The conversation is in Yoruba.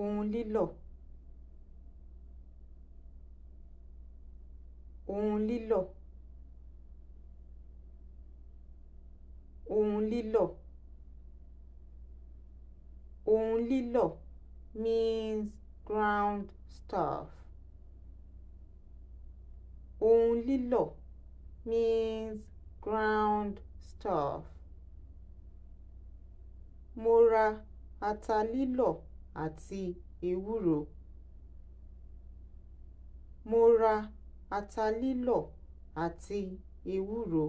ohun lílọ̀ ohun lílọ̀ ohun lílọ̀ ohun lílọ̀ means ground stuff ohun lílọ̀ means ground stuff mo ra ata lílọ̀ àti ewúro. Mo ra ata lílọ̀ àti ewúro.